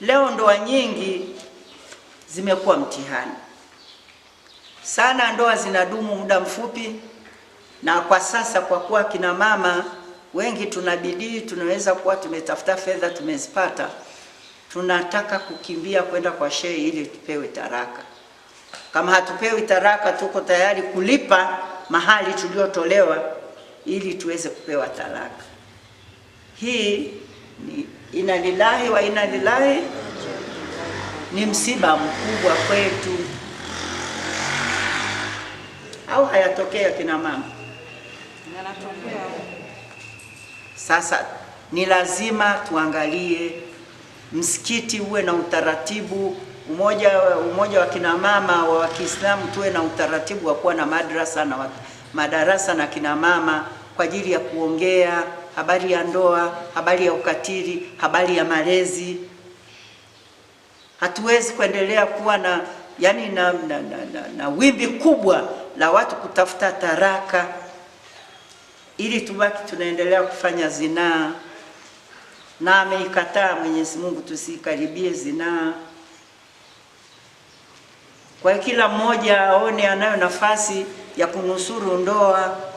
Leo ndoa nyingi zimekuwa mtihani sana, ndoa zinadumu muda mfupi, na kwa sasa kwa kuwa kina mama wengi tuna bidii, tunaweza kuwa tumetafuta fedha, tumezipata, tunataka kukimbia kwenda kwa shehe ili tupewe taraka. Kama hatupewi taraka, tuko tayari kulipa mahali tuliotolewa ili tuweze kupewa talaka hii Inna lillahi wa inna ilaihi ni msiba mkubwa kwetu, au hayatokea kina mama? Sasa ni lazima tuangalie msikiti uwe na utaratibu umoja, umoja wa kina mama wa Kiislamu tuwe na utaratibu wa kuwa na madrasa na madarasa na kina mama kwa ajili ya kuongea habari ya ndoa, habari ya ukatili, habari ya malezi. Hatuwezi kuendelea kuwa na yani na, na, na, na, na wimbi kubwa la watu kutafuta taraka ili tubaki tunaendelea kufanya zinaa, na ameikataa Mwenyezi Mungu tusikaribie zinaa. Kwa kila mmoja aone anayo nafasi ya kunusuru ndoa.